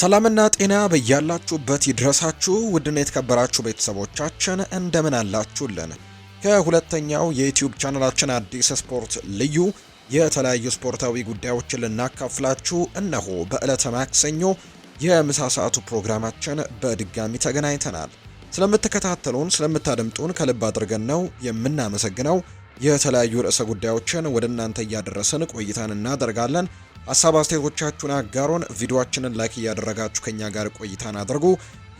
ሰላምና ጤና በያላችሁበት ይድረሳችሁ። ውድና የተከበራችሁ ቤተሰቦቻችን እንደምን አላችሁልን? ከሁለተኛው የዩትዩብ ቻናላችን አዲስ ስፖርት ልዩ የተለያዩ ስፖርታዊ ጉዳዮችን ልናካፍላችሁ እነሆ በዕለተ ማክሰኞ የምሳ ሰዓቱ ፕሮግራማችን በድጋሚ ተገናኝተናል። ስለምትከታተሉን ስለምታደምጡን ከልብ አድርገን ነው የምናመሰግነው። የተለያዩ ርዕሰ ጉዳዮችን ወደ እናንተ እያደረስን ቆይታን እናደርጋለን። ሀሳብ አስተያየቶቻችሁን አጋሩን። ቪዲዮአችንን ላይክ እያደረጋችሁ ከኛ ጋር ቆይታን አድርጉ።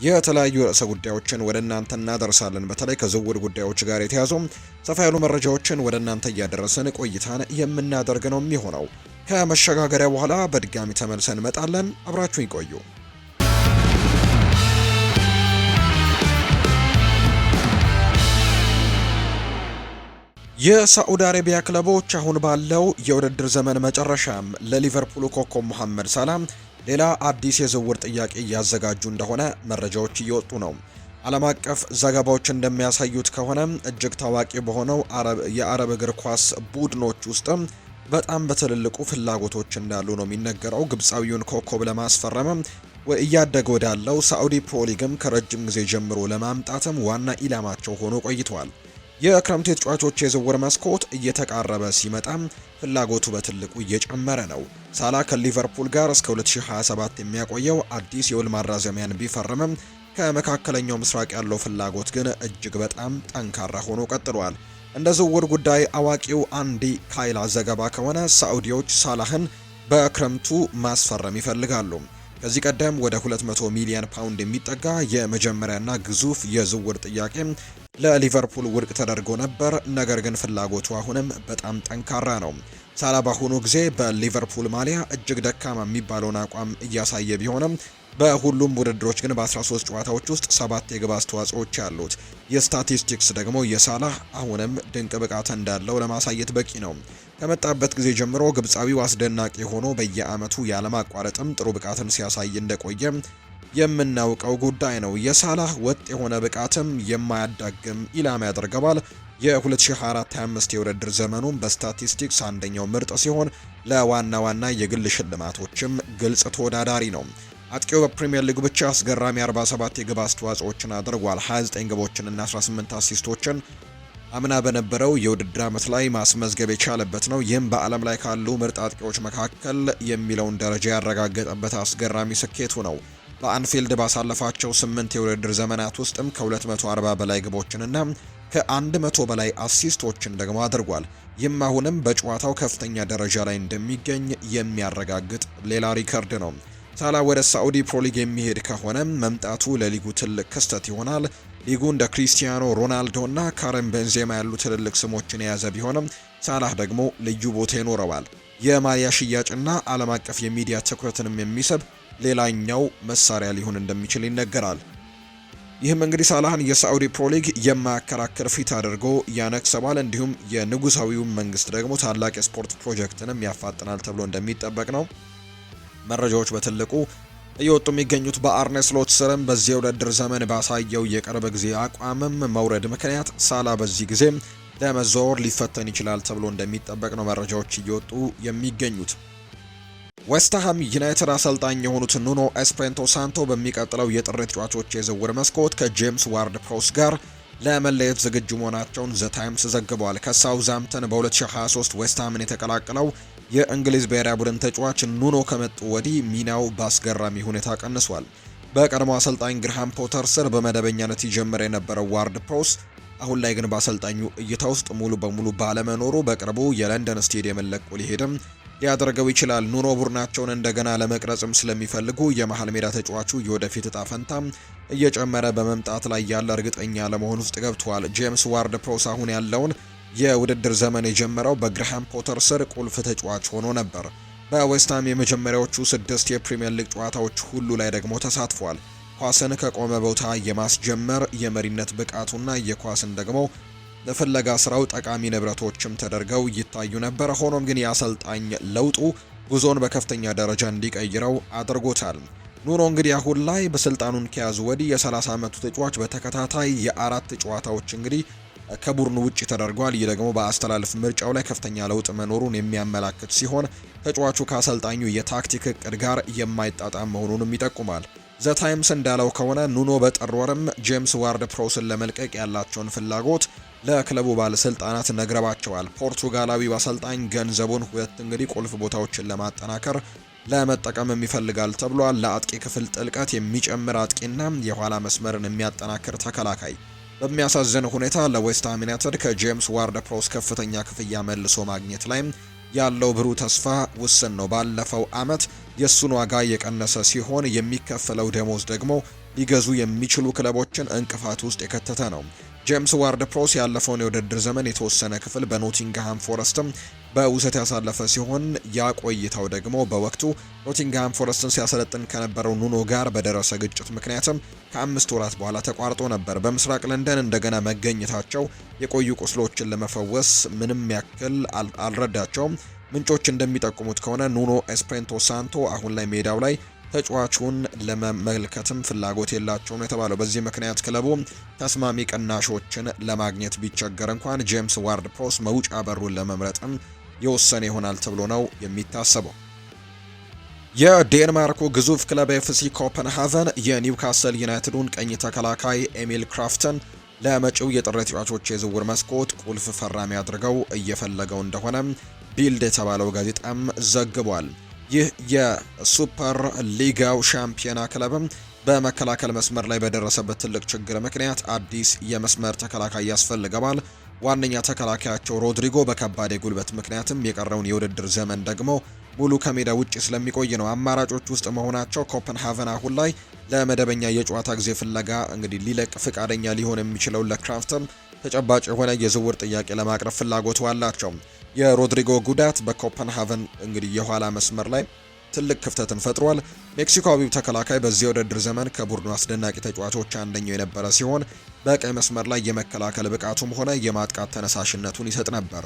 የተለያዩ ርዕሰ ጉዳዮችን ወደ እናንተ እናደርሳለን። በተለይ ከዝውውር ጉዳዮች ጋር የተያዙ ሰፋ ያሉ መረጃዎችን ወደ እናንተ እያደረስን ቆይታን የምናደርግ ነው የሚሆነው። ከመሸጋገሪያ በኋላ በድጋሚ ተመልሰን እንመጣለን። አብራችሁን ይቆዩ። የሳዑዲ አረቢያ ክለቦች አሁን ባለው የውድድር ዘመን መጨረሻም ለሊቨርፑል ኮከብ መሐመድ ሳላም ሌላ አዲስ የዝውውር ጥያቄ እያዘጋጁ እንደሆነ መረጃዎች እየወጡ ነው። ዓለም አቀፍ ዘገባዎች እንደሚያሳዩት ከሆነ እጅግ ታዋቂ በሆነው የአረብ እግር ኳስ ቡድኖች ውስጥም በጣም በትልልቁ ፍላጎቶች እንዳሉ ነው የሚነገረው። ግብፃዊውን ኮከብ ለማስፈረምም እያደገ ወዳለው ሳዑዲ ፕሮሊግም ከረጅም ጊዜ ጀምሮ ለማምጣትም ዋና ኢላማቸው ሆኖ ቆይተዋል። የክረምቱ የተጫዋቾች የዝውውር መስኮት እየተቃረበ ሲመጣም ፍላጎቱ በትልቁ እየጨመረ ነው። ሳላ ከሊቨርፑል ጋር እስከ 2027 የሚያቆየው አዲስ የውል ማራዘሚያን ቢፈርምም ከመካከለኛው ምስራቅ ያለው ፍላጎት ግን እጅግ በጣም ጠንካራ ሆኖ ቀጥሏል። እንደ ዝውውር ጉዳይ አዋቂው አንዲ ካይላ ዘገባ ከሆነ ሳዑዲዎች ሳላህን በክረምቱ ማስፈረም ይፈልጋሉ። ከዚህ ቀደም ወደ 200 ሚሊዮን ፓውንድ የሚጠጋ የመጀመሪያና ግዙፍ የዝውውር ጥያቄ ለሊቨርፑል ውድቅ ተደርጎ ነበር። ነገር ግን ፍላጎቱ አሁንም በጣም ጠንካራ ነው። ሳላ በአሁኑ ጊዜ በሊቨርፑል ማሊያ እጅግ ደካማ የሚባለውን አቋም እያሳየ ቢሆንም በሁሉም ውድድሮች ግን በ13 ጨዋታዎች ውስጥ ሰባት የግብ አስተዋጽኦዎች ያሉት የስታቲስቲክስ ደግሞ የሳላህ አሁንም ድንቅ ብቃት እንዳለው ለማሳየት በቂ ነው። ከመጣበት ጊዜ ጀምሮ ግብፃዊው አስደናቂ ሆኖ በየአመቱ ያለማቋረጥም ጥሩ ብቃትን ሲያሳይ እንደቆየ የምናውቀው ጉዳይ ነው። የሳላህ ወጥ የሆነ ብቃትም የማያዳግም ኢላማ ያደርገዋል። የ2024/25 የውድድር ዘመኑም በስታቲስቲክስ አንደኛው ምርጥ ሲሆን ለዋና ዋና የግል ሽልማቶችም ግልጽ ተወዳዳሪ ነው። አጥቂው በፕሪምየር ሊግ ብቻ አስገራሚ 47 የግብ አስተዋጽኦችን አድርጓል። 29 ግቦችንና 18 አሲስቶችን አምና በነበረው የውድድር ዓመት ላይ ማስመዝገብ የቻለበት ነው። ይህም በዓለም ላይ ካሉ ምርጥ አጥቂዎች መካከል የሚለውን ደረጃ ያረጋገጠበት አስገራሚ ስኬቱ ነው። በአንፊልድ ባሳለፋቸው ስምንት የውድድር ዘመናት ውስጥም ከ240 በላይ ግቦችንና ከ100 በላይ አሲስቶችን ደግሞ አድርጓል። ይህም አሁንም በጨዋታው ከፍተኛ ደረጃ ላይ እንደሚገኝ የሚያረጋግጥ ሌላ ሪከርድ ነው። ሳላ ወደ ሳዑዲ ፕሮሊግ የሚሄድ ከሆነ መምጣቱ ለሊጉ ትልቅ ክስተት ይሆናል። ሊጉ እንደ ክሪስቲያኖ ሮናልዶ እና ካረም ቤንዜማ ያሉ ትልልቅ ስሞችን የያዘ ቢሆንም ሳላህ ደግሞ ልዩ ቦታ ይኖረዋል። የማሊያ ሽያጭና ዓለም አቀፍ የሚዲያ ትኩረትንም የሚስብ ሌላኛው መሳሪያ ሊሆን እንደሚችል ይነገራል። ይህም እንግዲህ ሳላህን የሳዑዲ ፕሮሊግ የማያከራክር ፊት አድርጎ ያነክሰዋል። እንዲሁም የንጉሳዊው መንግስት ደግሞ ታላቅ የስፖርት ፕሮጀክትንም ያፋጥናል ተብሎ እንደሚጠበቅ ነው መረጃዎች በትልቁ እየወጡ የሚገኙት በአርነ ስሎት ስርም በዚህ የውድድር ዘመን ባሳየው የቅርብ ጊዜ አቋምም መውረድ ምክንያት ሳላ በዚህ ጊዜ ለመዘዋወር ሊፈተን ይችላል ተብሎ እንደሚጠበቅ ነው መረጃዎች እየወጡ የሚገኙት። ዌስትሃም ዩናይትድ አሰልጣኝ የሆኑት ኑኖ ኤስፕሬንቶ ሳንቶ በሚቀጥለው የጥር ተጫዋቾች የዝውውር መስኮት ከጄምስ ዋርድ ፕሮስ ጋር ለመለየት ዝግጁ መሆናቸውን ዘ ታይምስ ዘግቧል። ከሳውዛምተን በ2023 ዌስትሃምን የተቀላቀለው የእንግሊዝ ብሔራዊ ቡድን ተጫዋች ኑኖ ከመጡ ወዲህ ሚናው በአስገራሚ ሁኔታ ቀንሷል። በቀድሞ አሰልጣኝ ግርሃም ፖተር ስር በመደበኛነት ይጀምር የነበረው ዋርድ ፕሮስ አሁን ላይ ግን በአሰልጣኙ እይታ ውስጥ ሙሉ በሙሉ ባለመኖሩ በቅርቡ የለንደን ስቴዲየም ለቆ ሊሄድም ሊያደርገው ይችላል። ኑኖ ቡድናቸውን እንደገና ለመቅረጽም ስለሚፈልጉ የመሃል ሜዳ ተጫዋቹ የወደፊት እጣ ፈንታ እየጨመረ በመምጣት ላይ ያለ እርግጠኛ ለመሆን ውስጥ ገብቷል። ጄምስ ዋርድ ፕሮስ አሁን ያለውን የውድድር ዘመን የጀመረው በግርሃም ፖተር ስር ቁልፍ ተጫዋች ሆኖ ነበር። በዌስትሃም የመጀመሪያዎቹ ስድስት የፕሪምየር ሊግ ጨዋታዎች ሁሉ ላይ ደግሞ ተሳትፏል። ኳስን ከቆመ ቦታ የማስጀመር የመሪነት ብቃቱና የኳስን ደግሞ ለፍለጋ ስራው ጠቃሚ ንብረቶችም ተደርገው ይታዩ ነበር። ሆኖም ግን የአሰልጣኝ ለውጡ ጉዞን በከፍተኛ ደረጃ እንዲቀይረው አድርጎታል። ኑኖ እንግዲህ አሁን ላይ በስልጣኑን ከያዙ ወዲህ የ30 ዓመቱ ተጫዋች በተከታታይ የአራት ጨዋታዎች እንግዲህ ከቡድኑ ውጭ ተደርጓል። ይህ ደግሞ በአስተላለፍ ምርጫው ላይ ከፍተኛ ለውጥ መኖሩን የሚያመላክት ሲሆን ተጫዋቹ ከአሰልጣኙ የታክቲክ እቅድ ጋር የማይጣጣም መሆኑንም ይጠቁማል። ዘታይምስ እንዳለው ከሆነ ኑኖ በጥር ወርም ጄምስ ዋርድ ፕሮስን ለመልቀቅ ያላቸውን ፍላጎት ለክለቡ ባለስልጣናት ነግረባቸዋል። ፖርቱጋላዊው አሰልጣኝ ገንዘቡን ሁለት እንግዲህ ቁልፍ ቦታዎችን ለማጠናከር ለመጠቀም ይፈልጋል ተብሏል። ለአጥቂ ክፍል ጥልቀት የሚጨምር አጥቂና የኋላ መስመርን የሚያጠናክር ተከላካይ በሚያሳዝን ሁኔታ ለዌስትሃም ዩናይትድ ከጄምስ ዋርድ ፕሮስ ከፍተኛ ክፍያ መልሶ ማግኘት ላይ ያለው ብሩህ ተስፋ ውስን ነው። ባለፈው አመት የእሱን ዋጋ የቀነሰ ሲሆን የሚከፈለው ደሞዝ ደግሞ ሊገዙ የሚችሉ ክለቦችን እንቅፋት ውስጥ የከተተ ነው። ጄምስ ዋርድ ፕሮስ ያለፈውን የውድድር ዘመን የተወሰነ ክፍል በኖቲንግሃም ፎረስትም በውሰት ያሳለፈ ሲሆን ያ ቆይታው ደግሞ በወቅቱ ኖቲንግሃም ፎረስትን ሲያሰለጥን ከነበረው ኑኖ ጋር በደረሰ ግጭት ምክንያትም ከአምስት ወራት በኋላ ተቋርጦ ነበር። በምስራቅ ለንደን እንደገና መገኘታቸው የቆዩ ቁስሎችን ለመፈወስ ምንም ያክል አልረዳቸውም። ምንጮች እንደሚጠቁሙት ከሆነ ኑኖ ኤስፕሬንቶ ሳንቶ አሁን ላይ ሜዳው ላይ ተጫዋቹን ለመመልከትም ፍላጎት የላቸው ነው የተባለው። በዚህ ምክንያት ክለቡ ተስማሚ ቅናሾችን ለማግኘት ቢቸገር እንኳን ጄምስ ዋርድ ፕሮስ መውጫ በሩን ለመምረጥም የወሰነ ይሆናል ተብሎ ነው የሚታሰበው። የዴንማርኩ ግዙፍ ክለብ ኤፍሲ ኮፐንሃቨን የኒውካስል ዩናይትዱን ቀኝ ተከላካይ ኤሚል ክራፍተን ለመጪው የጥር ተጫዋቾች የዝውውር መስኮት ቁልፍ ፈራሚ አድርገው እየፈለገው እንደሆነ ቢልድ የተባለው ጋዜጣም ዘግቧል። ይህ የሱፐር ሊጋው ሻምፒዮና ክለብም በመከላከል መስመር ላይ በደረሰበት ትልቅ ችግር ምክንያት አዲስ የመስመር ተከላካይ ያስፈልገዋል። ዋነኛ ተከላካያቸው ሮድሪጎ በከባድ የጉልበት ምክንያትም የቀረውን የውድድር ዘመን ደግሞ ሙሉ ከሜዳ ውጭ ስለሚቆይ ነው አማራጮች ውስጥ መሆናቸው። ኮፐንሃቨን አሁን ላይ ለመደበኛ የጨዋታ ጊዜ ፍለጋ እንግዲህ ሊለቅ ፍቃደኛ ሊሆን የሚችለው ለክራፍትም ተጨባጭ የሆነ የዝውውር ጥያቄ ለማቅረብ ፍላጎቱ አላቸው። የሮድሪጎ ጉዳት በኮፐንሃቨን እንግዲህ የኋላ መስመር ላይ ትልቅ ክፍተትን ፈጥሯል። ሜክሲኮዊው ተከላካይ በዚህ ውድድር ዘመን ከቡድኑ አስደናቂ ተጫዋቾች አንደኛው የነበረ ሲሆን በቀይ መስመር ላይ የመከላከል ብቃቱም ሆነ የማጥቃት ተነሳሽነቱን ይሰጥ ነበር።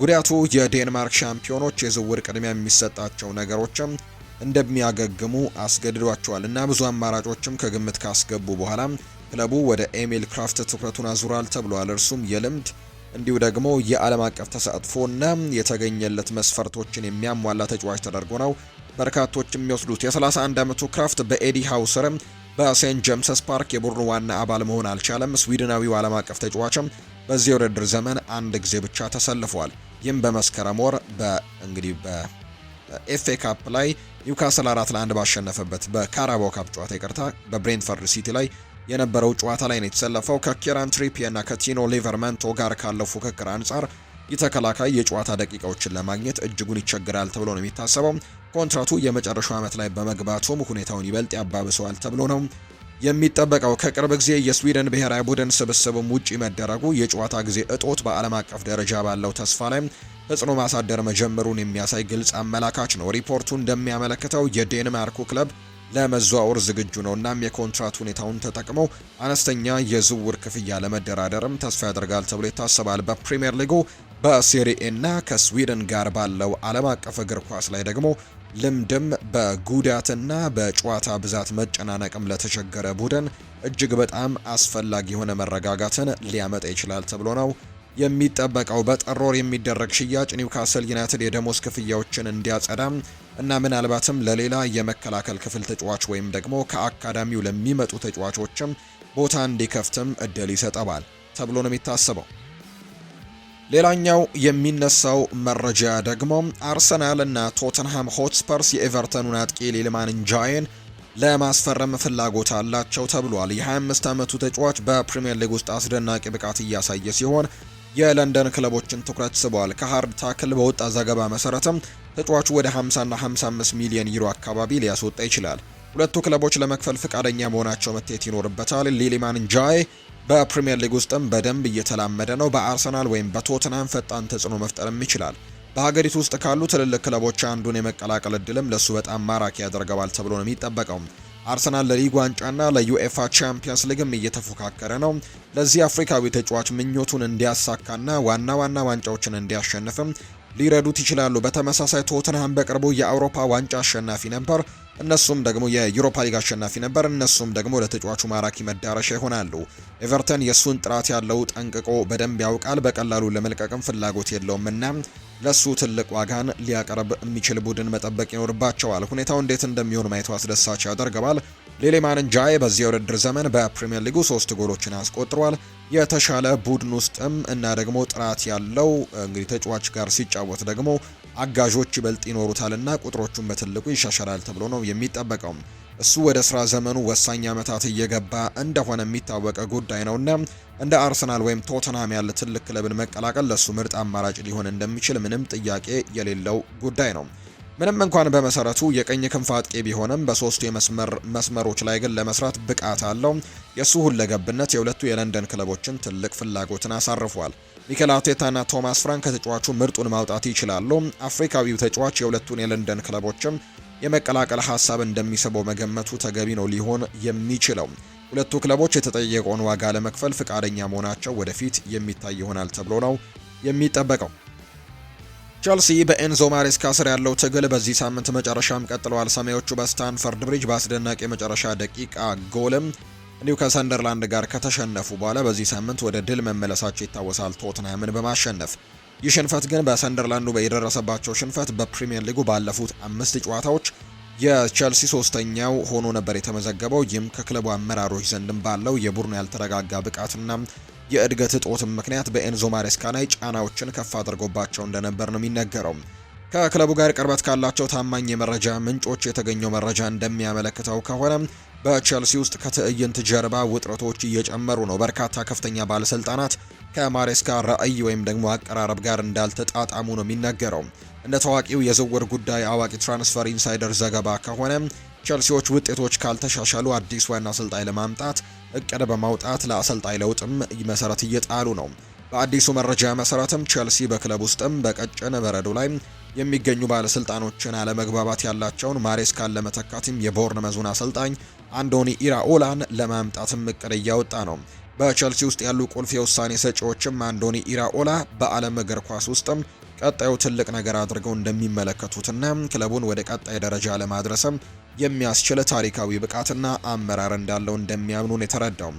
ጉዳቱ የዴንማርክ ሻምፒዮኖች የዝውውር ቅድሚያ የሚሰጣቸው ነገሮችም እንደሚያገግሙ አስገድዷቸዋል እና ብዙ አማራጮችም ከግምት ካስገቡ በኋላ ክለቡ ወደ ኤሚል ክራፍት ትኩረቱን አዙሯል ተብሏል። እርሱም የልምድ እንዲሁ ደግሞ የዓለም አቀፍ ተሳትፎና የተገኘለት መስፈርቶችን የሚያሟላ ተጫዋች ተደርጎ ነው በርካቶች የሚወስዱት። የ31 ዓመቱ ክራፍት በኤዲ ሃውሰርም በሴንት ጄምስስ ፓርክ የቡድኑ ዋና አባል መሆን አልቻለም። ስዊድናዊው ዓለም አቀፍ ተጫዋችም በዚህ የውድድር ዘመን አንድ ጊዜ ብቻ ተሰልፏል። ይህም በመስከረም ወር በእንግዲህ በኤፍኤ ካፕ ላይ ኒውካስል አራት ለአንድ ባሸነፈበት በካራባው ካፕ ጨዋታ ይቅርታ በብሬንትፈርድ ሲቲ ላይ የነበረው ጨዋታ ላይ ነው የተሰለፈው። ከኬራን ትሪፒየና ከቲኖ ሊቨርመንቶ ጋር ካለው ፉክክር አንጻር የተከላካይ የጨዋታ ደቂቃዎችን ለማግኘት እጅጉን ይቸግራል ተብሎ ነው የሚታሰበው። ኮንትራቱ የመጨረሻው ዓመት ላይ በመግባቱም ሁኔታውን ይበልጥ ያባብሰዋል ተብሎ ነው የሚጠበቀው። ከቅርብ ጊዜ የስዊድን ብሔራዊ ቡድን ስብስብም ውጪ መደረጉ የጨዋታ ጊዜ እጦት በዓለም አቀፍ ደረጃ ባለው ተስፋ ላይ ተጽዕኖ ማሳደር መጀመሩን የሚያሳይ ግልጽ አመላካች ነው። ሪፖርቱ እንደሚያመለክተው የዴንማርኩ ክለብ ለመዘዋወር ዝግጁ ነው። እናም የኮንትራት ሁኔታውን ተጠቅመው አነስተኛ የዝውውር ክፍያ ለመደራደርም ተስፋ ያደርጋል ተብሎ ይታሰባል። በፕሪምየር ሊጉ በሴሪኤ እና ከስዊድን ጋር ባለው ዓለም አቀፍ እግር ኳስ ላይ ደግሞ ልምድም በጉዳትና በጨዋታ ብዛት መጨናነቅም ለተቸገረ ቡድን እጅግ በጣም አስፈላጊ የሆነ መረጋጋትን ሊያመጣ ይችላል ተብሎ ነው የሚጠበቀው። በጥር ወር የሚደረግ ሽያጭ ኒውካስል ዩናይትድ የደሞዝ ክፍያዎችን እንዲያጸዳም እና ምናልባትም ለሌላ የመከላከል ክፍል ተጫዋች ወይም ደግሞ ከአካዳሚው ለሚመጡ ተጫዋቾችም ቦታ እንዲከፍትም እድል ይሰጠዋል ተብሎ ነው የሚታሰበው። ሌላኛው የሚነሳው መረጃ ደግሞ አርሰናል እና ቶተንሃም ሆትስፐርስ የኤቨርተኑን አጥቂ ሌልማን እንጃይን ለማስፈረም ፍላጎት አላቸው ተብሏል። የ25 ዓመቱ ተጫዋች በፕሪምየር ሊግ ውስጥ አስደናቂ ብቃት እያሳየ ሲሆን የለንደን ክለቦችን ትኩረት ስቧል። ከሃርድ ታክል በወጣ ዘገባ መሰረትም ተጫዋቹ ወደ 50ና 55 ሚሊዮን ዩሮ አካባቢ ሊያስወጣ ይችላል። ሁለቱ ክለቦች ለመክፈል ፍቃደኛ መሆናቸው መታየት ይኖርበታል። ሊሊማን ጃይ በፕሪምየር ሊግ ውስጥም በደንብ እየተላመደ ነው። በአርሰናል ወይም በቶትናም ፈጣን ተጽዕኖ መፍጠርም ይችላል። በሀገሪቱ ውስጥ ካሉ ትልልቅ ክለቦች አንዱን የመቀላቀል እድልም ለእሱ በጣም ማራኪ ያደርገዋል ተብሎ ነው የሚጠበቀው። አርሰናል ለሊግ ዋንጫና ለዩኤፋ ቻምፒየንስ ሊግም እየተፎካከረ ነው። ለዚህ አፍሪካዊ ተጫዋች ምኞቱን እንዲያሳካና ዋና ዋና ዋንጫዎችን እንዲያሸንፍም ሊረዱት ይችላሉ። በተመሳሳይ ቶትንሃም በቅርቡ የአውሮፓ ዋንጫ አሸናፊ ነበር። እነሱም ደግሞ የዩሮፓ ሊግ አሸናፊ ነበር። እነሱም ደግሞ ለተጫዋቹ ማራኪ መዳረሻ ይሆናሉ። ኤቨርተን የእሱን ጥራት ያለው ጠንቅቆ በደንብ ያውቃል። በቀላሉ ለመልቀቅም ፍላጎት የለውም እና ለሱ ትልቅ ዋጋን ሊያቀርብ የሚችል ቡድን መጠበቅ ይኖርባቸዋል። ሁኔታው እንዴት እንደሚሆን ማየቱ አስደሳች ያደርገዋል። ሌሌማንን ጃይ በዚህ የውድድር ዘመን በፕሪምየር ሊጉ ሶስት ጎሎችን አስቆጥሯል። የተሻለ ቡድን ውስጥም እና ደግሞ ጥራት ያለው እንግዲህ ተጫዋች ጋር ሲጫወት ደግሞ አጋዦች ይበልጥ ይኖሩታልና ቁጥሮቹን በትልቁ ይሻሻላል ተብሎ ነው የሚጠበቀው። እሱ ወደ ስራ ዘመኑ ወሳኝ ዓመታት እየገባ እንደሆነ የሚታወቀ ጉዳይ ነውና እንደ አርሰናል ወይም ቶተንሃም ያለ ትልቅ ክለብን መቀላቀል ለሱ ምርጥ አማራጭ ሊሆን እንደሚችል ምንም ጥያቄ የሌለው ጉዳይ ነው። ምንም እንኳን በመሰረቱ የቀኝ ክንፍ አጥቂ ቢሆንም በሶስቱ የመስመር መስመሮች ላይ ግን ለመስራት ብቃት አለው። የእሱ ሁለገብነት የሁለቱ የለንደን ክለቦችን ትልቅ ፍላጎትን አሳርፏል። ሚኬል አርቴታና ቶማስ ፍራንክ ከተጫዋቹ ምርጡን ማውጣት ይችላሉ። አፍሪካዊው ተጫዋች የሁለቱን የለንደን ክለቦችም የመቀላቀል ሀሳብ እንደሚስበው መገመቱ ተገቢ ነው ሊሆን የሚችለው። ሁለቱ ክለቦች የተጠየቀውን ዋጋ ለመክፈል ፍቃደኛ መሆናቸው ወደፊት የሚታይ ይሆናል ተብሎ ነው የሚጠበቀው። ቸልሲ በኤንዞ ማሬስካ ስር ያለው ትግል በዚህ ሳምንት መጨረሻም ቀጥለዋል። ሰማዮቹ በስታንፈርድ ብሪጅ በአስደናቂ የመጨረሻ ደቂቃ ጎልም እንዲሁ ከሰንደርላንድ ጋር ከተሸነፉ በኋላ በዚህ ሳምንት ወደ ድል መመለሳቸው ይታወሳል፣ ቶትናምን በማሸነፍ ይህ ሽንፈት ግን በሰንደርላንዱ የደረሰባቸው ሽንፈት በፕሪምየር ሊጉ ባለፉት አምስት ጨዋታዎች የቸልሲ ሶስተኛው ሆኖ ነበር የተመዘገበው። ይህም ከክለቡ አመራሮች ዘንድም ባለው የቡድኑ ያልተረጋጋ ብቃትና የእድገት እጦትም ምክንያት በኤንዞ ማሬስካ ላይ ጫናዎችን ከፍ አድርጎባቸው እንደነበር ነው የሚነገረው። ከክለቡ ጋር ቅርበት ካላቸው ታማኝ የመረጃ ምንጮች የተገኘው መረጃ እንደሚያመለክተው ከሆነ በቼልሲ ውስጥ ከትዕይንት ጀርባ ውጥረቶች እየጨመሩ ነው። በርካታ ከፍተኛ ባለስልጣናት ከማሬስካ ራዕይ ወይም ደግሞ አቀራረብ ጋር እንዳልተጣጣሙ ነው የሚነገረው። እንደ ታዋቂው የዝውውር ጉዳይ አዋቂ ትራንስፈር ኢንሳይደር ዘገባ ከሆነ ቼልሲዎች ውጤቶች ካልተሻሻሉ አዲስ ዋና አሰልጣኝ ለማምጣት እቅድ በማውጣት ለአሰልጣኝ ለውጥም መሰረት እየጣሉ ነው። በአዲሱ መረጃ መሰረትም ቼልሲ በክለብ ውስጥም በቀጭን በረዶ ላይ የሚገኙ ባለስልጣኖችን አለመግባባት ያላቸውን ማሬስካን ለመተካትም የቦርንመዙን አሰልጣኝ አንዶኒ ኢራኦላን ለማምጣትም እቅድ እያወጣ ነው። በቸልሲ ውስጥ ያሉ ቁልፍ የውሳኔ ሰጪዎችም አንዶኒ ኢራኦላ በዓለም እግር ኳስ ውስጥም ቀጣዩ ትልቅ ነገር አድርገው እንደሚመለከቱትና ክለቡን ወደ ቀጣይ ደረጃ ለማድረስም የሚያስችል ታሪካዊ ብቃትና አመራር እንዳለው እንደሚያምኑን የተረዳው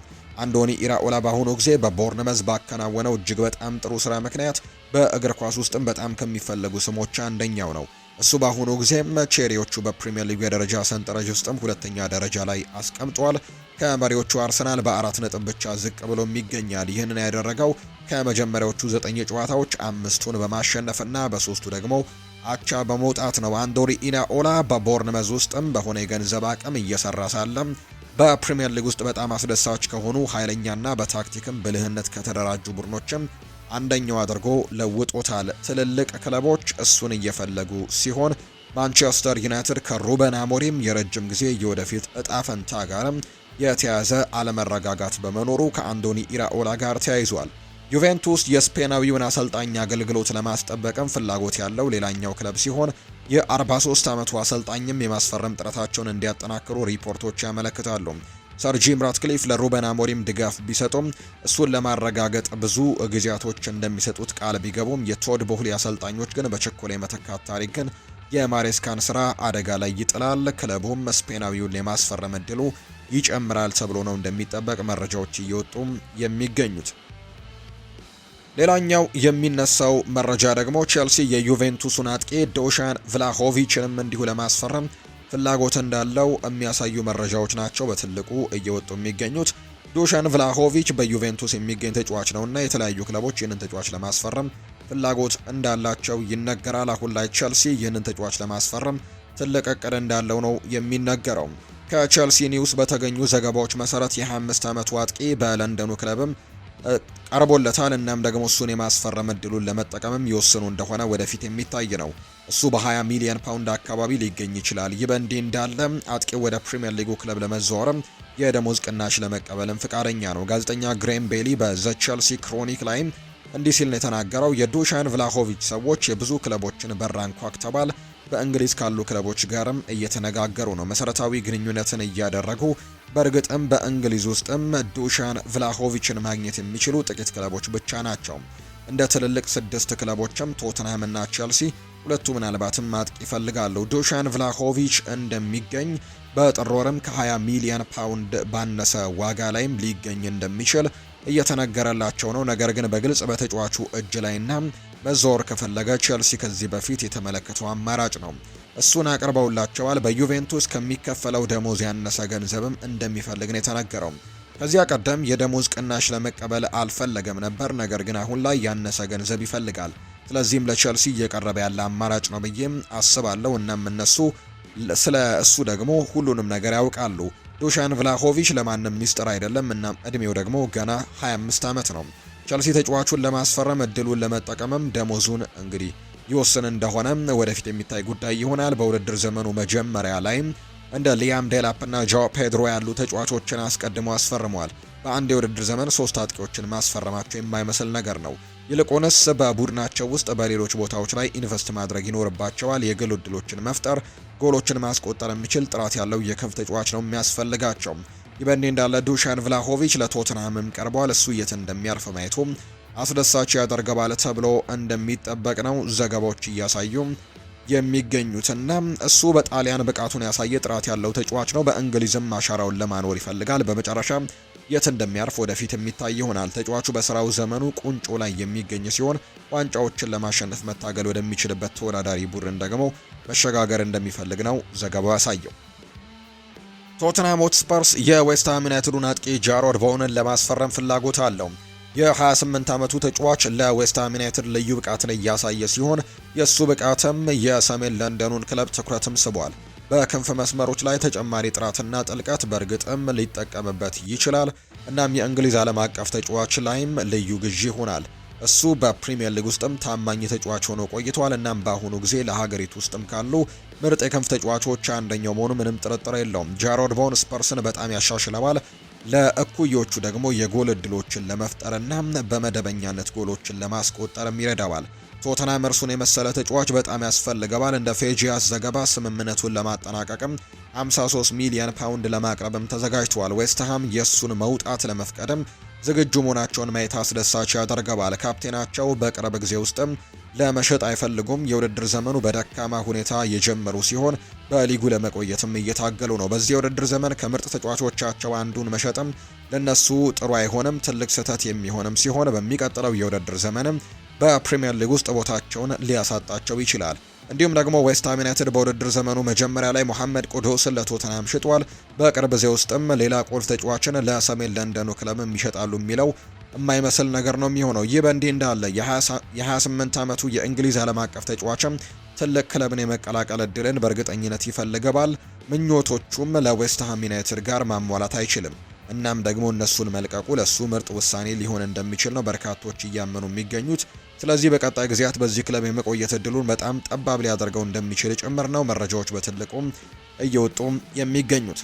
አንዶኒ ኢራኦላ በአሁኑ ጊዜ በቦርንመዝ ባከናወነው እጅግ በጣም ጥሩ ስራ ምክንያት በእግር ኳስ ውስጥም በጣም ከሚፈለጉ ስሞች አንደኛው ነው። እሱ በአሁኑ ጊዜም ቼሪዎቹ በፕሪምየር ሊግ የደረጃ ሰንጠረዥ ውስጥም ሁለተኛ ደረጃ ላይ አስቀምጧል። ከመሪዎቹ አርሰናል በአራት ነጥብ ብቻ ዝቅ ብሎ ይገኛል። ይህንን ያደረገው ከመጀመሪያዎቹ ዘጠኝ ጨዋታዎች አምስቱን በማሸነፍና በሶስቱ ደግሞ አቻ በመውጣት ነው። አንዶሪ ኢናኦላ በቦርንመዝ ውስጥም በሆነ የገንዘብ አቅም እየሰራ ሳለም በፕሪምየር ሊግ ውስጥ በጣም አስደሳች ከሆኑ ኃይለኛና በታክቲክም ብልህነት ከተደራጁ ቡድኖችም አንደኛው አድርጎ ለውጦታል። ትልልቅ ክለቦች እሱን እየፈለጉ ሲሆን ማንቸስተር ዩናይትድ ከሩበን አሞሪም የረጅም ጊዜ የወደፊት እጣ ፈንታ ጋርም የተያዘ አለመረጋጋት በመኖሩ ከአንዶኒ ኢራኦላ ጋር ተያይዟል። ዩቬንቱስ የስፔናዊውን አሰልጣኝ አገልግሎት ለማስጠበቅም ፍላጎት ያለው ሌላኛው ክለብ ሲሆን የ43 ዓመቱ አሰልጣኝም የማስፈረም ጥረታቸውን እንዲያጠናክሩ ሪፖርቶች ያመለክታሉ። ሰር ጂም ራትክሊፍ ለሩበን አሞሪም ድጋፍ ቢሰጡም እሱን ለማረጋገጥ ብዙ ጊዜያቶች እንደሚሰጡት ቃል ቢገቡም የቶድ ቦህሊ አሰልጣኞች ግን በችኮላ የመተካት ግን የማሬስካን ስራ አደጋ ላይ ይጥላል፣ ክለቡም ስፔናዊውን የማስፈረም እድሉ ይጨምራል ተብሎ ነው እንደሚጠበቅ መረጃዎች እየወጡ የሚገኙት። ሌላኛው የሚነሳው መረጃ ደግሞ ቼልሲ የዩቬንቱሱን አጥቂ ዶሻን ቭላሆቪችንም እንዲሁ ለማስፈረም ፍላጎት እንዳለው የሚያሳዩ መረጃዎች ናቸው በትልቁ እየወጡ የሚገኙት። ዶሻን ቭላሆቪች በዩቬንቱስ የሚገኝ ተጫዋች እና የተለያዩ ክለቦች ይህንን ተጫዋች ለማስፈረም ፍላጎት እንዳላቸው ይነገራል። አሁን ላይ ቼልሲ ይህንን ተጫዋች ለማስፈረም ትልቅ እቅድ እንዳለው ነው የሚነገረው። ከቼልሲ ኒውስ በተገኙ ዘገባዎች መሰረት የ25 ዓመቱ አጥቂ በለንደኑ ክለብም ቀርቦለታል። እናም ደግሞ እሱን የማስፈረም እድሉን ለመጠቀምም ይወስኑ እንደሆነ ወደፊት የሚታይ ነው። እሱ በ20 ሚሊዮን ፓውንድ አካባቢ ሊገኝ ይችላል። ይህ በእንዲህ እንዳለ አጥቂው ወደ ፕሪምየር ሊጉ ክለብ ለመዛወርም የደሞዝ ቅናሽ ለመቀበልም ፍቃደኛ ነው። ጋዜጠኛ ግሬም ቤሊ በዘ ቸልሲ ክሮኒክ ላይም እንዲህ ሲል ነው የተናገረው። የዱሻን ቭላሆቪች ሰዎች የብዙ ክለቦችን በራንኳክ ተባል በእንግሊዝ ካሉ ክለቦች ጋርም እየተነጋገሩ ነው። መሰረታዊ ግንኙነትን እያደረጉ በእርግጥም በእንግሊዝ ውስጥም ዱሻን ቭላሆቪችን ማግኘት የሚችሉ ጥቂት ክለቦች ብቻ ናቸው። እንደ ትልልቅ ስድስት ክለቦችም ቶትንሃምና ቼልሲ ሁለቱ ምናልባትም ማጥቂ ይፈልጋሉ። ዱሻን ቭላሆቪች እንደሚገኝ በጥሮርም ከ20 ሚሊዮን ፓውንድ ባነሰ ዋጋ ላይም ሊገኝ እንደሚችል እየተነገረላቸው ነው። ነገር ግን በግልጽ በተጫዋቹ እጅ ላይና መዘወር ከፈለገ ቼልሲ ከዚህ በፊት የተመለከተው አማራጭ ነው። እሱን አቅርበውላቸዋል። በዩቬንቱስ ከሚከፈለው ደሞዝ ያነሰ ገንዘብም እንደሚፈልግ ነው የተናገረው። ከዚያ ቀደም የደሞዝ ቅናሽ ለመቀበል አልፈለገም ነበር፣ ነገር ግን አሁን ላይ ያነሰ ገንዘብ ይፈልጋል። ስለዚህም ለቼልሲ እየቀረበ ያለ አማራጭ ነው ብዬም አስባለሁ። እናም እነሱ ስለ እሱ ደግሞ ሁሉንም ነገር ያውቃሉ። ዱሻን ቭላሆቪች ለማንም ሚስጥር አይደለም። እናም እድሜው ደግሞ ገና 25 ዓመት ነው። ቸልሲ ተጫዋቹን ለማስፈረም እድሉን ለመጠቀምም ደሞዙን እንግዲህ ይወስን እንደሆነ ወደፊት የሚታይ ጉዳይ ይሆናል። በውድድር ዘመኑ መጀመሪያ ላይ እንደ ሊያም ዴላፕ እና ጃው ፔድሮ ያሉ ተጫዋቾችን አስቀድሞ አስፈርመዋል። በአንድ የውድድር ዘመን ሶስት አጥቂዎችን ማስፈረማቸው የማይመስል ነገር ነው። ይልቁንስ በቡድናቸው ውስጥ በሌሎች ቦታዎች ላይ ኢንቨስት ማድረግ ይኖርባቸዋል። የግል እድሎችን መፍጠር፣ ጎሎችን ማስቆጠር የሚችል ጥራት ያለው የክንፍ ተጫዋች ነው የሚያስፈልጋቸው። ይበኔ እንዳለ ዱሻን ቭላሆቪች ለቶትናምም ቀርቧል። እሱ የት እንደሚያርፍ ማየቱ አስደሳች ያደርገባል ተብሎ እንደሚጠበቅ ነው ዘገባዎች እያሳዩ የሚገኙትና እሱ በጣሊያን ብቃቱን ያሳየ ጥራት ያለው ተጫዋች ነው። በእንግሊዝም አሻራውን ለማኖር ይፈልጋል። በመጨረሻ የት እንደሚያርፍ ወደፊት የሚታይ ይሆናል። ተጫዋቹ በስራው ዘመኑ ቁንጮ ላይ የሚገኝ ሲሆን ዋንጫዎችን ለማሸነፍ መታገል ወደሚችልበት ተወዳዳሪ ቡድን ደግሞ መሸጋገር እንደሚፈልግ ነው ዘገባው ያሳየው። ቶትንሃም ሆትስፐርስ የዌስትሃም ዩናይትዱን አጥቂ ጃሮድ ቮውንን ለማስፈረም ፍላጎት አለው። የ28 ዓመቱ ተጫዋች ለዌስትሃም ዩናይትድ ልዩ ብቃትን እያሳየ ሲሆን የእሱ ብቃትም የሰሜን ለንደኑን ክለብ ትኩረትም ስቧል። በክንፍ መስመሮች ላይ ተጨማሪ ጥራትና ጥልቀት በእርግጥም ሊጠቀምበት ይችላል። እናም የእንግሊዝ ዓለም አቀፍ ተጫዋች ላይም ልዩ ግዢ ይሆናል። እሱ በፕሪምየር ሊግ ውስጥም ታማኝ ተጫዋች ሆኖ ቆይቷል። እናም በአሁኑ ጊዜ ለሀገሪቱ ውስጥም ካሉ ምርጥ የክንፍ ተጫዋቾች አንደኛው መሆኑ ምንም ጥርጥር የለውም። ጃሮድ ቦን ስፐርስን በጣም ያሻሽለዋል። ለእኩዮቹ ደግሞ የጎል እድሎችን ለመፍጠርና በመደበኛነት ጎሎችን ለማስቆጠርም ይረዳዋል። ቶተናም እርሱን የመሰለ ተጫዋች በጣም ያስፈልገዋል። እንደ ፌጂያስ ዘገባ ስምምነቱን ለማጠናቀቅም 53 ሚሊዮን ፓውንድ ለማቅረብም ተዘጋጅተዋል። ዌስትሃም የእሱን መውጣት ለመፍቀድም ዝግጁ መሆናቸውን ማየት አስደሳች ያደርገዋል። ካፕቴናቸው በቅርብ ጊዜ ውስጥም ለመሸጥ አይፈልጉም። የውድድር ዘመኑ በደካማ ሁኔታ የጀመሩ ሲሆን በሊጉ ለመቆየትም እየታገሉ ነው። በዚህ የውድድር ዘመን ከምርጥ ተጫዋቾቻቸው አንዱን መሸጥም ለነሱ ጥሩ አይሆንም፣ ትልቅ ስህተት የሚሆንም ሲሆን በሚቀጥለው የውድድር ዘመንም በፕሪምየር ሊግ ውስጥ ቦታቸውን ሊያሳጣቸው ይችላል። እንዲሁም ደግሞ ዌስትሃም ዩናይትድ በውድድር ዘመኑ መጀመሪያ ላይ ሞሐመድ ቁዱስን ለቶተናም ሽጧል። በቅርብ ጊዜ ውስጥም ሌላ ቁልፍ ተጫዋችን ለሰሜን ለንደኑ ክለብም ይሸጣሉ የሚለው የማይመስል ነገር ነው የሚሆነው። ይህ በእንዲህ እንዳለ የ28 ዓመቱ የእንግሊዝ ዓለም አቀፍ ተጫዋችም ትልቅ ክለብን የመቀላቀል እድልን በእርግጠኝነት ይፈልገባል። ምኞቶቹም ለዌስትሃም ዩናይትድ ጋር ማሟላት አይችልም። እናም ደግሞ እነሱን መልቀቁ ለሱ ምርጥ ውሳኔ ሊሆን እንደሚችል ነው በርካቶች እያመኑ የሚገኙት። ስለዚህ በቀጣይ ጊዜያት በዚህ ክለብ የመቆየት እድሉን በጣም ጠባብ ሊያደርገው እንደሚችል ጭምር ነው መረጃዎች በትልቁም እየወጡ የሚገኙት።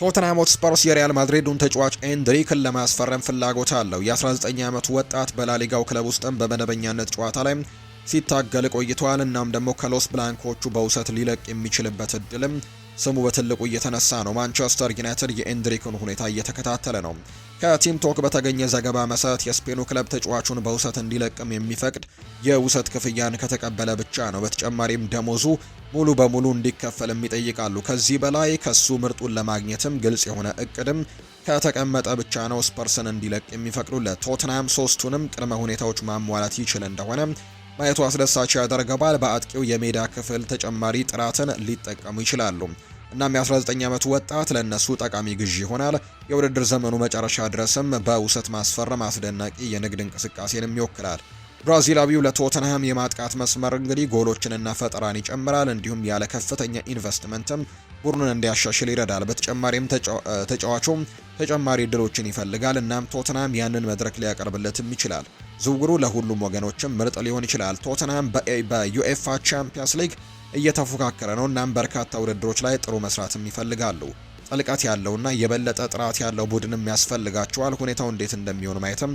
ቶተንሃም ሆትስፐርስ የሪያል ማድሪዱን ተጫዋች ኤንድሪክን ለማስፈረም ፍላጎት አለው። የ19 ዓመቱ ወጣት በላሊጋው ክለብ ውስጥም በመደበኛነት ጨዋታ ላይ ሲታገል ቆይተዋል። እናም ደግሞ ከሎስ ብላንኮቹ በውሰት ሊለቅ የሚችልበት እድልም ስሙ በትልቁ እየተነሳ ነው። ማንቸስተር ዩናይትድ የኤንድሪክን ሁኔታ እየተከታተለ ነው። ከቲም ቶክ በተገኘ ዘገባ መሰረት የስፔኑ ክለብ ተጫዋቹን በውሰት እንዲለቅም የሚፈቅድ የውሰት ክፍያን ከተቀበለ ብቻ ነው። በተጨማሪም ደሞዙ ሙሉ በሙሉ እንዲከፈልም ይጠይቃሉ። ከዚህ በላይ ከሱ ምርጡን ለማግኘትም ግልጽ የሆነ እቅድም ከተቀመጠ ብቻ ነው ስፐርስን እንዲለቅ የሚፈቅዱለት። ቶትናም ሶስቱንም ቅድመ ሁኔታዎች ማሟላት ይችል እንደሆነ ማየቱ አስደሳች ያደርገዋል። በአጥቂው የሜዳ ክፍል ተጨማሪ ጥራትን ሊጠቀሙ ይችላሉ። እናም የ19 ዓመቱ ወጣት ለእነሱ ጠቃሚ ግዢ ይሆናል። የውድድር ዘመኑ መጨረሻ ድረስም በውሰት ማስፈረም አስደናቂ የንግድ እንቅስቃሴንም ይወክላል። ብራዚላዊው ለቶተንሃም የማጥቃት መስመር እንግዲህ ጎሎችንና ፈጠራን ይጨምራል። እንዲሁም ያለ ከፍተኛ ኢንቨስትመንትም ቡድኑን እንዲያሻሽል ይረዳል። በተጨማሪም ተጫዋቹም ተጨማሪ እድሎችን ይፈልጋል። እናም ቶተንሃም ያንን መድረክ ሊያቀርብለትም ይችላል። ዝውውሩ ለሁሉም ወገኖችም ምርጥ ሊሆን ይችላል። ቶተንሃም በዩኤፋ ቻምፒየንስ ሊግ እየተፎካከረ ነው። እናም በርካታ ውድድሮች ላይ ጥሩ መስራትም ይፈልጋሉ። ጥልቀት ያለውና የበለጠ ጥራት ያለው ቡድንም ያስፈልጋቸዋል። ሁኔታው እንዴት እንደሚሆን ማየትም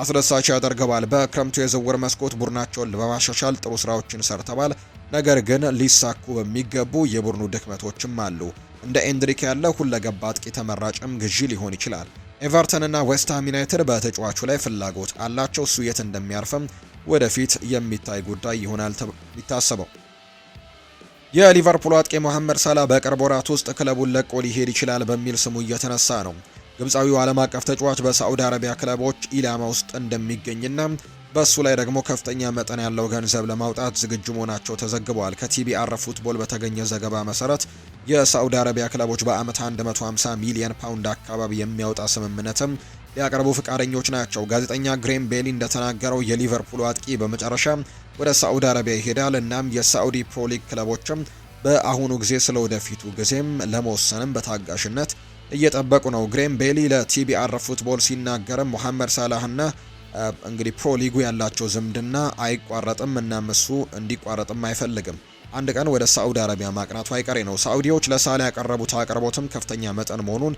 አስደሳች ያደርገዋል። በክረምቱ የዝውውር መስኮት ቡድናቸውን በማሻሻል ጥሩ ስራዎችን ሰርተዋል። ነገር ግን ሊሳኩ በሚገቡ የቡድኑ ድክመቶችም አሉ። እንደ ኤንድሪክ ያለ ሁለገብ አጥቂ ተመራጭም ግዢ ሊሆን ይችላል። ኤቨርተንና ዌስትሃም ዩናይትድ በተጫዋቹ ላይ ፍላጎት አላቸው። እሱ የት እንደሚያርፍም ወደፊት የሚታይ ጉዳይ ይሆናል ይታሰበው የሊቨርፑል አጥቂ መሐመድ ሳላ በቅርብ ወራት ውስጥ ክለቡን ለቆ ሊሄድ ይችላል በሚል ስሙ እየተነሳ ነው። ግብፃዊው ዓለም አቀፍ ተጫዋች በሳዑዲ አረቢያ ክለቦች ኢላማ ውስጥ እንደሚገኝና በእሱ ላይ ደግሞ ከፍተኛ መጠን ያለው ገንዘብ ለማውጣት ዝግጁ መሆናቸው ተዘግበዋል። ከቲቢአር ፉትቦል በተገኘ ዘገባ መሰረት የሳዑዲ አረቢያ ክለቦች በአመት 150 ሚሊዮን ፓውንድ አካባቢ የሚያወጣ ስምምነትም ሊያቀርቡ ፈቃደኞች ናቸው። ጋዜጠኛ ግሬም ቤሊ እንደተናገረው የሊቨርፑል አጥቂ በመጨረሻ ወደ ሳዑዲ አረቢያ ይሄዳል። እናም የሳዑዲ ፕሮሊግ ክለቦችም በአሁኑ ጊዜ ስለ ወደፊቱ ጊዜም ለመወሰንም በታጋሽነት እየጠበቁ ነው። ግሬም ቤሊ ለቲቢአር ፉትቦል ሲናገርም ሞሐመድ ሳላህና እንግዲህ ፕሮሊጉ ያላቸው ዝምድና አይቋረጥም እና እሱ እንዲቋረጥም አይፈልግም። አንድ ቀን ወደ ሳዑዲ አረቢያ ማቅናቱ አይቀሬ ነው። ሳዑዲዎች ለሳላ ያቀረቡት አቅርቦትም ከፍተኛ መጠን መሆኑን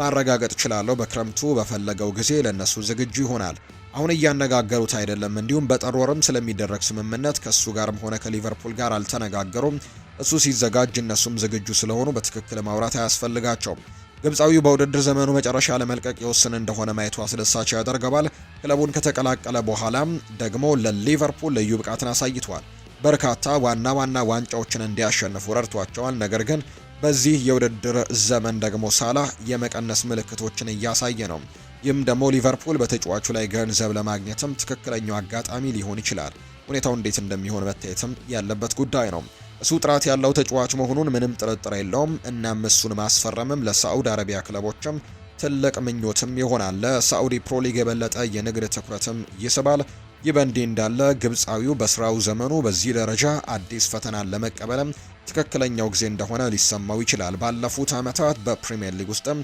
ማረጋገጥ እችላለሁ። በክረምቱ በፈለገው ጊዜ ለእነሱ ዝግጁ ይሆናል። አሁን እያነጋገሩት አይደለም። እንዲሁም በጥር ወርም ስለሚደረግ ስምምነት ከእሱ ጋርም ሆነ ከሊቨርፑል ጋር አልተነጋገሩም። እሱ ሲዘጋጅ እነሱም ዝግጁ ስለሆኑ በትክክል ማውራት አያስፈልጋቸውም። ግብፃዊው በውድድር ዘመኑ መጨረሻ ለመልቀቅ የወሰነ እንደሆነ ማየቱ አስደሳች ያደርገዋል። ክለቡን ከተቀላቀለ በኋላም ደግሞ ለሊቨርፑል ልዩ ብቃትን አሳይቷል። በርካታ ዋና ዋና ዋንጫዎችን እንዲያሸንፉ ረድቷቸዋል። ነገር ግን በዚህ የውድድር ዘመን ደግሞ ሳላህ የመቀነስ ምልክቶችን እያሳየ ነው። ይህም ደግሞ ሊቨርፑል በተጫዋቹ ላይ ገንዘብ ለማግኘትም ትክክለኛው አጋጣሚ ሊሆን ይችላል። ሁኔታው እንዴት እንደሚሆን መታየትም ያለበት ጉዳይ ነው። እሱ ጥራት ያለው ተጫዋች መሆኑን ምንም ጥርጥር የለውም። እናም እሱን ማስፈረምም ለሳዑድ አረቢያ ክለቦችም ትልቅ ምኞትም ይሆናል። ለሳዑዲ ፕሮሊግ የበለጠ የንግድ ትኩረትም ይስባል። ይህ በእንዲህ እንዳለ ግብፃዊው በስራው ዘመኑ በዚህ ደረጃ አዲስ ፈተናን ለመቀበልም ትክክለኛው ጊዜ እንደሆነ ሊሰማው ይችላል። ባለፉት ዓመታት በፕሪምየር ሊግ ውስጥም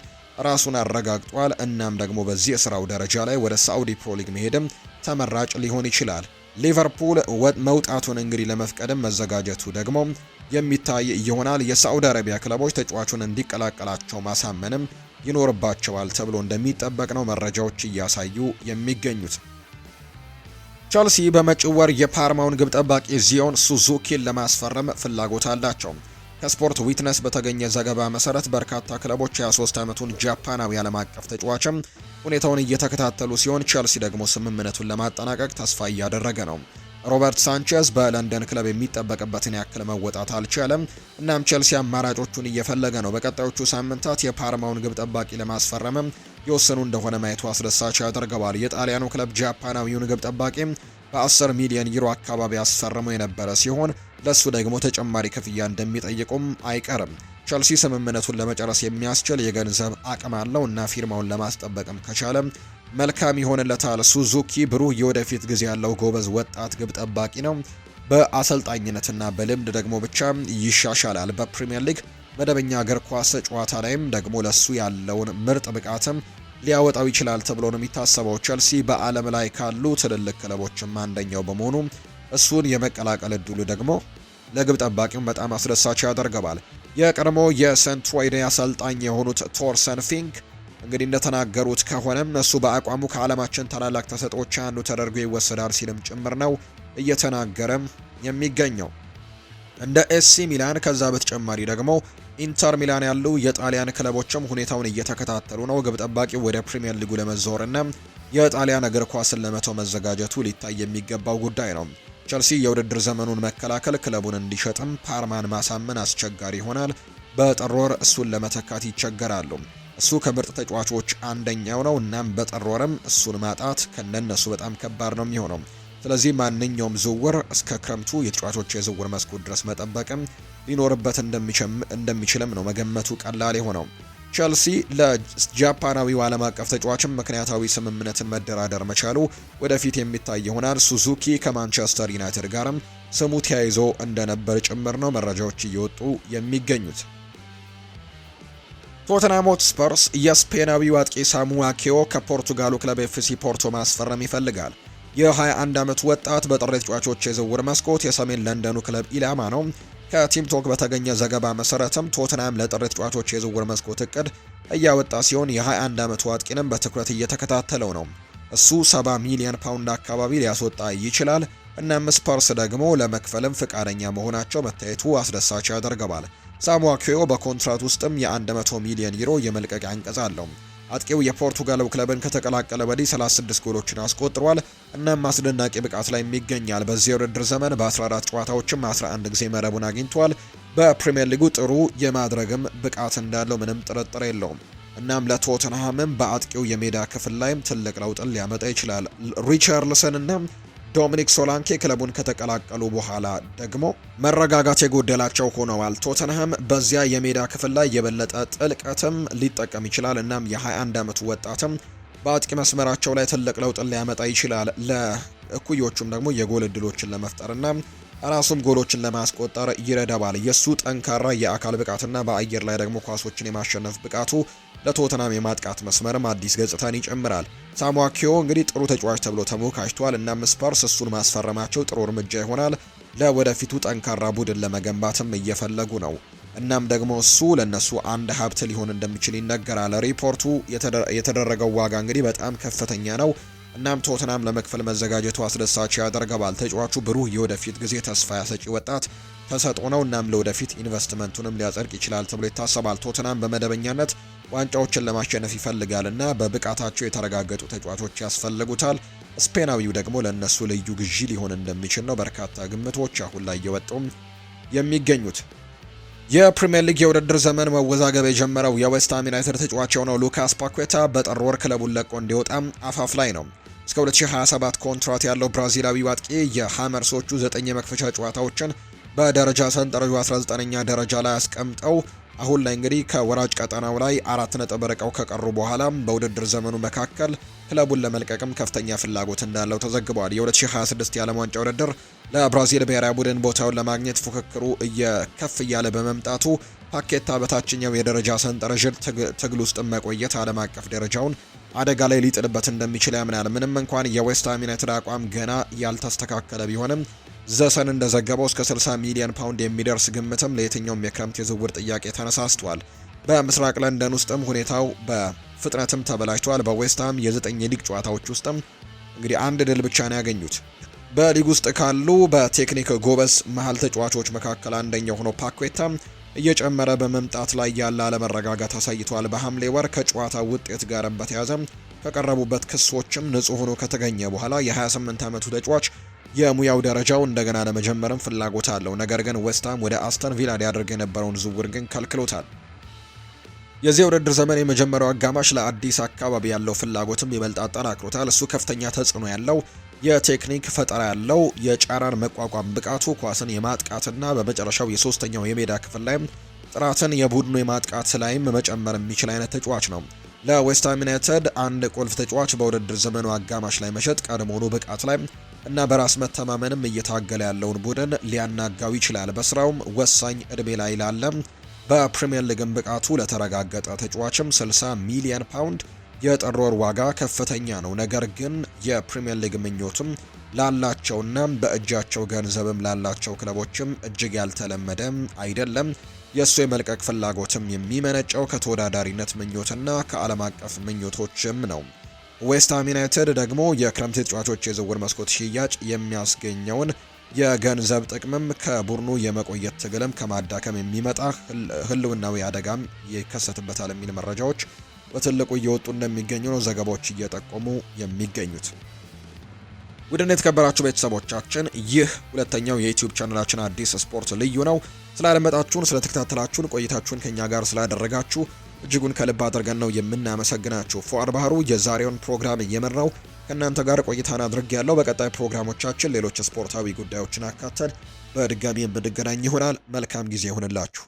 ራሱን አረጋግጧል። እናም ደግሞ በዚህ የስራው ደረጃ ላይ ወደ ሳዑዲ ፕሮሊግ መሄድም ተመራጭ ሊሆን ይችላል። ሊቨርፑል መውጣቱን እንግዲህ ለመፍቀድም መዘጋጀቱ ደግሞ የሚታይ ይሆናል። የሳዑዲ አረቢያ ክለቦች ተጫዋቹን እንዲቀላቀላቸው ማሳመንም ይኖርባቸዋል ተብሎ እንደሚጠበቅ ነው መረጃዎች እያሳዩ የሚገኙት። ቸልሲ በመጪው ወር የፓርማውን ግብ ጠባቂ ዚዮን ሱዙኪን ለማስፈረም ፍላጎት አላቸው። ከስፖርት ዊትነስ በተገኘ ዘገባ መሰረት በርካታ ክለቦች የ23 ዓመቱን ጃፓናዊ ዓለም አቀፍ ተጫዋችም ሁኔታውን እየተከታተሉ ሲሆን፣ ቸልሲ ደግሞ ስምምነቱን ለማጠናቀቅ ተስፋ እያደረገ ነው። ሮበርት ሳንቼዝ በለንደን ክለብ የሚጠበቅበትን ያክል መወጣት አልቻለም። እናም ቸልሲ አማራጮቹን እየፈለገ ነው። በቀጣዮቹ ሳምንታት የፓርማውን ግብ ጠባቂ ለማስፈረምም የወሰኑ እንደሆነ ማየቱ አስደሳች ያደርገዋል። የጣሊያኑ ክለብ ጃፓናዊውን ግብ ጠባቂ በ10 ሚሊዮን ዩሮ አካባቢ አስፈርሞ የነበረ ሲሆን ለሱ ደግሞ ተጨማሪ ክፍያ እንደሚጠይቁም አይቀርም። ቸልሲ ስምምነቱን ለመጨረስ የሚያስችል የገንዘብ አቅም አለው እና ፊርማውን ለማስጠበቅም ከቻለ መልካም ይሆንለታል። ሱዙኪ ብሩህ የወደፊት ጊዜ ያለው ጎበዝ ወጣት ግብ ጠባቂ ነው። በአሰልጣኝነትና በልምድ ደግሞ ብቻ ይሻሻላል። በፕሪምየር ሊግ መደበኛ እግር ኳስ ጨዋታ ላይም ደግሞ ለሱ ያለውን ምርጥ ብቃትም ሊያወጣው ይችላል ተብሎ ነው የሚታሰበው። ቸልሲ በዓለም ላይ ካሉ ትልልቅ ክለቦችም አንደኛው በመሆኑ እሱን የመቀላቀል እድሉ ደግሞ ለግብ ጠባቂውም በጣም አስደሳች ያደርገዋል። የቀድሞ የሰንትሮይድ አሰልጣኝ የሆኑት ቶርሰን ፊንክ እንግዲህ እንደተናገሩት ከሆነም እሱ በአቋሙ ከዓለማችን ታላላቅ ተሰጦች አንዱ ተደርጎ ይወሰዳል ሲልም ጭምር ነው እየተናገረም የሚገኘው። እንደ ኤሲ ሚላን ከዛ በተጨማሪ ደግሞ ኢንተር ሚላን ያሉ የጣሊያን ክለቦችም ሁኔታውን እየተከታተሉ ነው። ግብ ጠባቂው ወደ ፕሪምየር ሊጉ ለመዛወርና የጣሊያን እግር ኳስን ለመተው መዘጋጀቱ ሊታይ የሚገባው ጉዳይ ነው። ቸልሲ የውድድር ዘመኑን መከላከል ክለቡን እንዲሸጥም ፓርማን ማሳመን አስቸጋሪ ይሆናል። በጥር ወር እሱን ለመተካት ይቸገራሉ። እሱ ከምርጥ ተጫዋቾች አንደኛው ነው። እናም በጥር ወርም እሱን ማጣት ከነነሱ በጣም ከባድ ነው የሚሆነው። ስለዚህ ማንኛውም ዝውውር እስከ ክረምቱ የተጫዋቾች የዝውውር መስኮት ድረስ መጠበቅም ሊኖርበት እንደሚችልም ነው መገመቱ ቀላል የሆነው። ቸልሲ ለጃፓናዊው ዓለም አቀፍ ተጫዋችም ምክንያታዊ ስምምነትን መደራደር መቻሉ ወደፊት የሚታይ ይሆናል። ሱዙኪ ከማንቸስተር ዩናይትድ ጋርም ስሙ ተያይዞ እንደነበር ጭምር ነው መረጃዎች እየወጡ የሚገኙት። ቶተናም ሆትስፐርስ የስፔናዊው አጥቂ ሳሙ አኬዮ ከፖርቱጋሉ ክለብ ኤፍሲ ፖርቶ ማስፈረም ይፈልጋል። የ21 ዓመቱ ወጣት በጥሬ ተጫዋቾች የዝውውር መስኮት የሰሜን ለንደኑ ክለብ ኢላማ ነው። ከቲም ቶክ በተገኘ ዘገባ መሰረትም ቶትናም ለጥር ተጫዋቾች የዝውውር መስኮት እቅድ እያወጣ ሲሆን የ21 ዓመቱ አጥቂንም በትኩረት እየተከታተለው ነው። እሱ 70 ሚሊዮን ፓውንድ አካባቢ ሊያስወጣ ይችላል። እና ስፐርስ ደግሞ ለመክፈልም ፍቃደኛ መሆናቸው መታየቱ አስደሳች ያደርገዋል። ሳሙዋ ኪዮ በኮንትራት ውስጥም የ100 ሚሊዮን ዩሮ የመልቀቂያ አንቀጽ አለው። አጥቂው የፖርቱጋል ክለብን ከተቀላቀለ ወዲህ 36 ጎሎችን አስቆጥሯል። እናም አስደናቂ ብቃት ላይ ይገኛል። በዚህ ውድድር ዘመን በ14 ጨዋታዎችም 11 ጊዜ መረቡን አግኝቷል። በፕሪምየር ሊጉ ጥሩ የማድረግም ብቃት እንዳለው ምንም ጥርጥር የለውም። እናም ለቶተንሃምም በአጥቂው የሜዳ ክፍል ላይም ትልቅ ለውጥን ሊያመጣ ይችላል። ሪቻርልሰን እናም ዶሚኒክ ሶላንኬ ክለቡን ከተቀላቀሉ በኋላ ደግሞ መረጋጋት የጎደላቸው ሆነዋል። ቶተንሃም በዚያ የሜዳ ክፍል ላይ የበለጠ ጥልቀትም ሊጠቀም ይችላል። እናም የ21 ዓመቱ ወጣትም በአጥቂ መስመራቸው ላይ ትልቅ ለውጥን ሊያመጣ ይችላል። ለእኩዮቹም ደግሞ የጎል እድሎችን ለመፍጠርና ራሱም ጎሎችን ለማስቆጠር ይረዳባል የእሱ ጠንካራ የአካል ብቃትና በአየር ላይ ደግሞ ኳሶችን የማሸነፍ ብቃቱ ለቶተናም የማጥቃት መስመርም አዲስ ገጽታን ይጨምራል። ሳሟኪዮ እንግዲህ ጥሩ ተጫዋች ተብሎ ተሞካሽቷል። እናም ስፐርስ እሱን ማስፈረማቸው ጥሩ እርምጃ ይሆናል። ለወደፊቱ ጠንካራ ቡድን ለመገንባትም እየፈለጉ ነው። እናም ደግሞ እሱ ለነሱ አንድ ሀብት ሊሆን እንደሚችል ይነገራል። ሪፖርቱ የተደረገው ዋጋ እንግዲህ በጣም ከፍተኛ ነው። እናም ቶትናም ለመክፈል መዘጋጀቱ አስደሳች ያደርገዋል። ተጫዋቹ ብሩህ የወደፊት ጊዜ ተስፋ ያሰጪ ወጣት ተሰጥኦ ነው። እናም ለወደፊት ኢንቨስትመንቱንም ሊያጸድቅ ይችላል ተብሎ ይታሰባል። ቶትናም በመደበኛነት ዋንጫዎችን ለማሸነፍ ይፈልጋል እና በብቃታቸው የተረጋገጡ ተጫዋቾች ያስፈልጉታል። ስፔናዊው ደግሞ ለእነሱ ልዩ ግዢ ሊሆን እንደሚችል ነው በርካታ ግምቶች አሁን ላይ እየወጡም የሚገኙት። የፕሪምየር ሊግ የውድድር ዘመን መወዛገብ የጀመረው የዌስትሃም ዩናይትድ ተጫዋቸው ነው ሉካስ ፓኩዌታ በጥር ወር ክለቡን ለቆ እንዲወጣም አፋፍ ላይ ነው። እስከ 2027 ኮንትራት ያለው ብራዚላዊ አጥቂ የሃመርሶቹ ዘጠኝ የመክፈቻ ጨዋታዎችን በደረጃ ሰንጠረዡ 19ኛ ደረጃ ላይ አስቀምጠው አሁን ላይ እንግዲህ ከወራጅ ቀጠናው ላይ አራት ነጥብ ርቀው ከቀሩ በኋላም በውድድር ዘመኑ መካከል ክለቡን ለመልቀቅም ከፍተኛ ፍላጎት እንዳለው ተዘግቧል። የ2026 የዓለም ዋንጫ ውድድር ለብራዚል ብሔራዊ ቡድን ቦታውን ለማግኘት ፉክክሩ እየከፍ እያለ በመምጣቱ ፓኬታ በታችኛው የደረጃ ሰንጠረዥ ትግል ውስጥ መቆየት ዓለም አቀፍ ደረጃውን አደጋ ላይ ሊጥልበት እንደሚችል ያምናል። ምንም እንኳን የዌስትሃም ዩናይትድ አቋም ገና ያልተስተካከለ ቢሆንም ዘሰን እንደዘገበው እስከ 60 ሚሊዮን ፓውንድ የሚደርስ ግምትም ለየትኛውም የክረምት የዝውውር ጥያቄ ተነሳስቷል። በምስራቅ ለንደን ውስጥም ሁኔታው በፍጥነትም ተበላሽቷል። በዌስትሃም የዘጠኝ ሊግ ጨዋታዎች ውስጥም እንግዲህ አንድ ድል ብቻ ነው ያገኙት። በሊግ ውስጥ ካሉ በቴክኒክ ጎበዝ መሀል ተጫዋቾች መካከል አንደኛው ሆኖ ፓኩዌታ እየጨመረ በመምጣት ላይ ያለ አለመረጋጋት አሳይቷል። በሐምሌ ወር ከጨዋታ ውጤት ጋር በተያዘ ከቀረቡበት ክሶችም ንጹህ ሆኖ ከተገኘ በኋላ የ28 ዓመቱ ተጫዋች የሙያው ደረጃው እንደገና ለመጀመርም ፍላጎት አለው። ነገር ግን ዌስትሃም ወደ አስተን ቪላ ሊያደርግ የነበረውን ዝውውር ግን ከልክሎታል። የዚህ ውድድር ዘመን የመጀመሪያው አጋማሽ ለአዲስ አካባቢ ያለው ፍላጎትም ይበልጥ አጠናክሮታል። እሱ ከፍተኛ ተጽዕኖ ያለው የቴክኒክ ፈጠራ ያለው የጫራን መቋቋም ብቃቱ ኳስን የማጥቃትና በመጨረሻው የሶስተኛው የሜዳ ክፍል ላይ ጥራትን የቡድኑ የማጥቃት ላይም መጨመር የሚችል አይነት ተጫዋች ነው። ለዌስትሃም ዩናይትድ አንድ ቁልፍ ተጫዋች በውድድር ዘመኑ አጋማሽ ላይ መሸጥ ቀድሞውኑ ብቃት ላይ እና በራስ መተማመንም እየታገለ ያለውን ቡድን ሊያናጋው ይችላል። በስራውም ወሳኝ እድሜ ላይ ላለም በፕሪምየር ሊግን ብቃቱ ለተረጋገጠ ተጫዋችም 60 ሚሊዮን ፓውንድ የጥር ወር ዋጋ ከፍተኛ ነው። ነገር ግን የፕሪምየር ሊግ ምኞትም ላላቸውና በእጃቸው ገንዘብም ላላቸው ክለቦችም እጅግ ያልተለመደ አይደለም። የእሱ የመልቀቅ ፍላጎትም የሚመነጨው ከተወዳዳሪነት ምኞትና ከዓለም አቀፍ ምኞቶችም ነው። ዌስትሃም ዩናይትድ ደግሞ የክረምት ተጫዋቾች የዝውውር መስኮት ሽያጭ የሚያስገኘውን የገንዘብ ጥቅምም ከቡድኑ የመቆየት ትግልም ከማዳከም የሚመጣ ህልውናዊ አደጋም ይከሰትበታል የሚል መረጃዎች በትልቁ እየወጡ እንደሚገኙ ነው ዘገባዎች እየጠቆሙ የሚገኙት። ውድን የተከበራችሁ ቤተሰቦቻችን ይህ ሁለተኛው የዩቲዩብ ቻናላችን አዲስ ስፖርት ልዩ ነው። ስላደመጣችሁን፣ ስለተከታተላችሁን፣ ቆይታችሁን ከኛ ጋር ስላደረጋችሁ እጅጉን ከልብ አድርገን ነው የምናመሰግናችሁ። ፎአድ ባህሩ የዛሬውን ፕሮግራም እየመራው ከእናንተ ጋር ቆይታን አድርግ ያለው። በቀጣይ ፕሮግራሞቻችን ሌሎች ስፖርታዊ ጉዳዮችን አካተን በድጋሚ የምንገናኝ ይሆናል። መልካም ጊዜ ይሁንላችሁ።